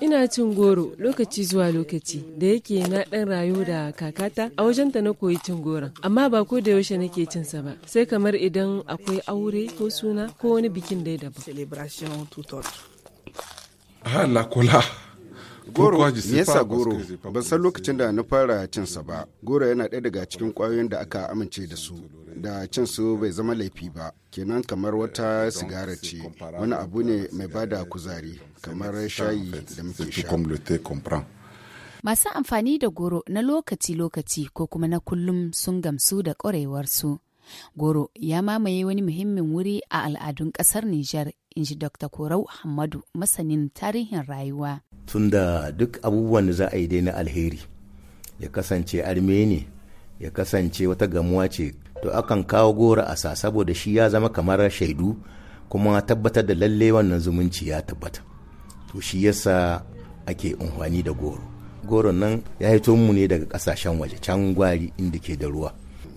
Ina cin goro lokaci zuwa lokaci da yake na ɗan rayu da kakata a wajenta na koyi cin goron. Amma ba ko da yaushe nake cin sa ba, sai kamar idan akwai aure ko suna ko wani bikin da ya daba. goro yasa goro ban san lokacin da na fara cin sa ba goro yana ɗaya daga cikin ƙwayoyin da aka amince da su da cin su bai zama laifi ba kenan kamar wata eh, sigara ce wani abu ne mai bada kuzari kamar shayi da muke sha masu amfani da goro na lokaci-lokaci ko kuma na kullum sun gamsu da ƙwarewarsu goro ya mamaye wani muhimmin wuri a al'adun ƙasar nijar in ji dr korau hamadu masanin tarihin rayuwa tunda duk abubuwan da za a yi dai na alheri ya kasance armeni ya kasance wata gamuwa ce to akan kawo goro a sa saboda shi ya zama kamar shaidu kuma tabbatar da lalle wannan zumunci ya tabbata to shi yasa ake unhwani da goro Goro nan ya hito mu ne daga kasashen waje can gwari inda ke da ruwa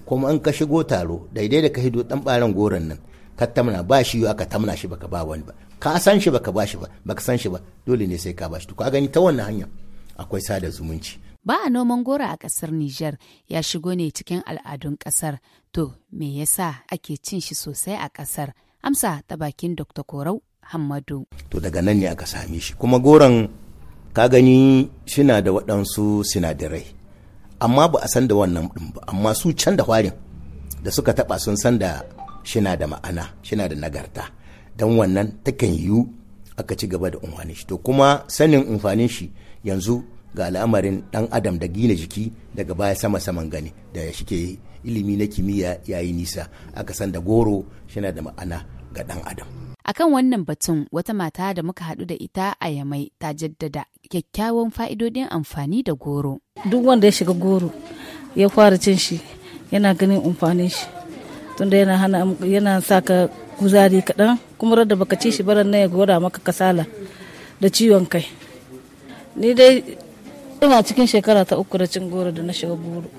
kuma an ka shigo taro daidai da ka hido dan baran goron nan ka tamna ba shi aka tamna shi baka ba wani ba ka san shi baka ba shi ba baka san shi ba dole ne sai ka ba shi to ka gani ta wannan hanya akwai sada zumunci ba a noman goro a ƙasar Nijar ya shigo ne cikin al'adun ƙasar. To, me yasa ake cin shi sosai a ƙasar? Amsa ta bakin Dr. Korau Hammadu. To daga nan ne aka same shi. Kuma goron ka gani shina da waɗansu sinadarai. Amma ba a san da wannan ɗin ba, amma su can da hwarin da suka taɓa sun san da shina da ma'ana, shina da nagarta. Don wannan takan yiwu aka ci gaba da umfanin shi. To kuma sanin umfanin shi yanzu ga al'amarin dan adam da gina jiki daga baya sama saman gani da shike ilimi na kimiyya yayi nisa aka san da goro shina da ma'ana ga dan adam akan wannan batun wata mata da muka hadu da ita a yamai ta jaddada kyakkyawan fa'idodin amfani da goro duk wanda ya shiga goro ya fara cin shi yana ganin amfanin shi tunda yana hana yana sa kuzari kaɗan kuma rada baka ci shi baran na ya gwada maka kasala da ciwon kai ni dai ina cikin shekara ta uku da cin goro da na shiga buru